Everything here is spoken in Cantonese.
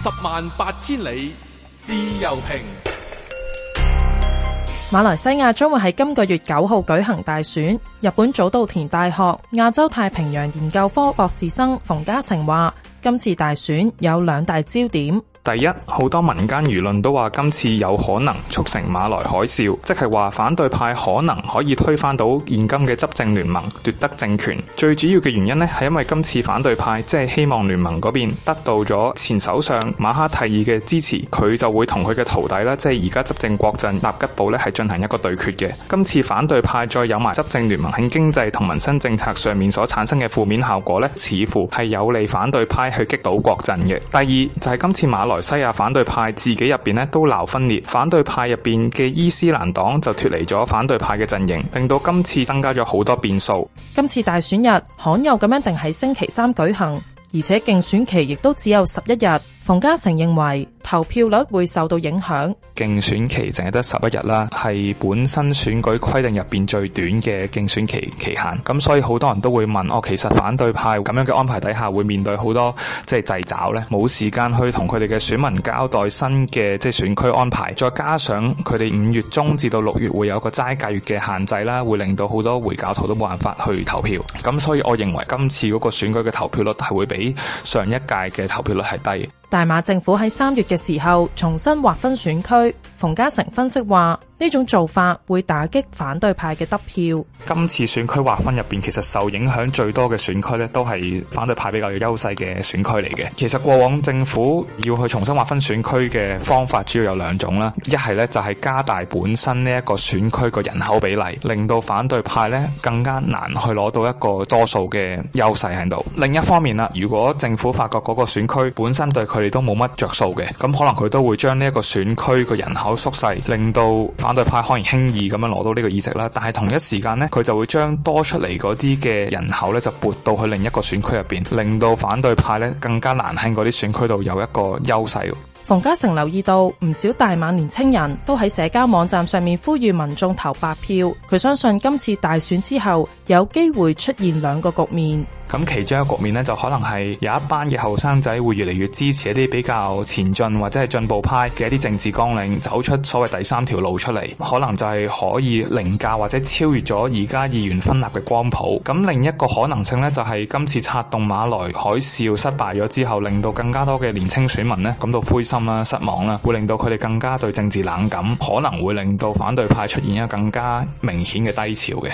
十萬八千里自由評。馬來西亞將會喺今個月九號舉行大選。日本早稻田大學亞洲太平洋研究科博士生馮嘉誠話：今次大選有兩大焦點。第一，好多民間輿論都話今次有可能促成馬來海嘯，即係話反對派可能可以推翻到現今嘅執政聯盟，奪得政權。最主要嘅原因呢係因為今次反對派即係、就是、希望聯盟嗰邊得到咗前首相馬哈蒂爾嘅支持，佢就會同佢嘅徒弟啦，即係而家執政國陣納吉布咧，係進行一個對決嘅。今次反對派再有埋執政聯盟喺經濟同民生政策上面所產生嘅負面效果呢，似乎係有利反對派去擊倒國陣嘅。第二就係、是、今次馬來西亞反對派自己入邊咧都鬧分裂，反對派入邊嘅伊斯蘭黨就脫離咗反對派嘅陣營，令到今次增加咗好多變數。今次大選日罕有咁樣定喺星期三舉行，而且競選期亦都只有十一日。馮嘉誠認為。投票率會受到影響。競選期淨係得十一日啦，係本身選舉規定入邊最短嘅競選期期限。咁所以好多人都會問：哦，其實反對派咁樣嘅安排底下，會面對好多即係掣肘呢？冇時間去同佢哋嘅選民交代新嘅即係選區安排。再加上佢哋五月中至到六月會有個齋戒月嘅限制啦，會令到好多回教徒都冇辦法去投票。咁所以，我認為今次嗰個選舉嘅投票率係會比上一屆嘅投票率係低。大馬政府喺三月嘅時候重新劃分選區，馮嘉誠分析話。呢種做法會打擊反對派嘅得票。今次選區劃分入邊，其實受影響最多嘅選區咧，都係反對派比較有優勢嘅選區嚟嘅。其實過往政府要去重新劃分選區嘅方法主要有兩種啦，一係呢，就係加大本身呢一個選區嘅人口比例，令到反對派呢更加難去攞到一個多數嘅優勢喺度。另一方面啦，如果政府發覺嗰個選區本身對佢哋都冇乜着數嘅，咁可能佢都會將呢一個選區嘅人口縮細，令到。反對派可能輕易咁樣攞到呢個議席啦，但係同一時間呢，佢就會將多出嚟嗰啲嘅人口呢，就撥到去另一個選區入邊，令到反對派呢更加難喺嗰啲選區度有一個優勢。馮嘉誠留意到唔少大馬年輕人都喺社交網站上面呼籲民眾投白票，佢相信今次大選之後有機會出現兩個局面。咁其中一個局面咧，就可能係有一班嘅後生仔會越嚟越支持一啲比較前進或者係進步派嘅一啲政治綱領，走出所謂第三條路出嚟，可能就係可以凌駕或者超越咗而家議員分立嘅光譜。咁另一個可能性咧，就係、是、今次策動馬來海嘯失敗咗之後，令到更加多嘅年青選民咧感到灰心啦、啊、失望啦、啊，會令到佢哋更加對政治冷感，可能會令到反對派出現一個更加明顯嘅低潮嘅。